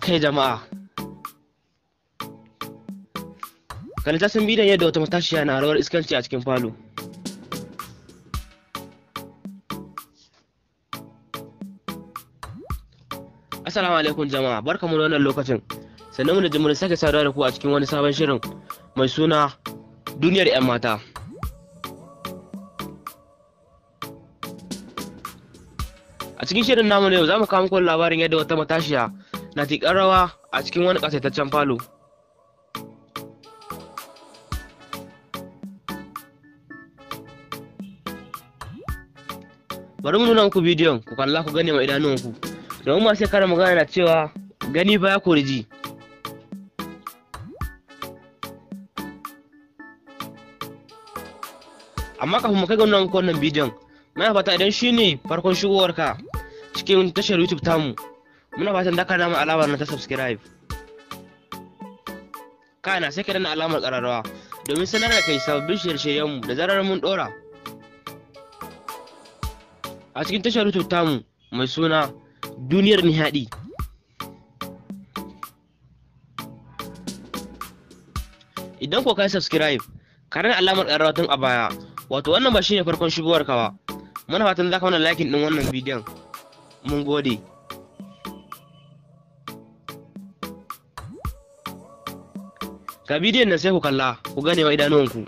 kai jama'a kan tasin bidan yadda wata matashiya na rawar iskanci a cikin falo assalamu alaikum jama'a barka da wannan lokacin sannan mu da jimurin sake saduwa da ku a cikin wani sabon shirin mai suna duniyar 'yan mata a cikin shirin namu ne yau za mu kawo muku labarin yadda wata matashiya na tiƙar rawa a cikin wani ƙasaitaccen falo. Bari mu nuna muku bidiyon ku kalla ku gane ma idanunku Domin masu kara magana na cewa gani baya ko ji. Amma kafin mu kai ga wannan bidiyon, muna fata idan shi ne farkon shigowarka cikin tashar YouTube tamu. muna fatan da ka nama alamar na ta subscribe kana sai ka dana alamar kararrawa domin sanar da kai sabbin shirye-shiryenmu da zarar mun dora a cikin tashar youtube mu mai suna duniyar nihadi idan ko ka subscribe ka dana alamar kararrawa tun a baya wato wannan ba shine farkon shigowar ka ba muna fatan za ka mana likin din wannan bidiyon mun gode ka bidiyon nan sai ku kalla ku gane wa idanuwanku.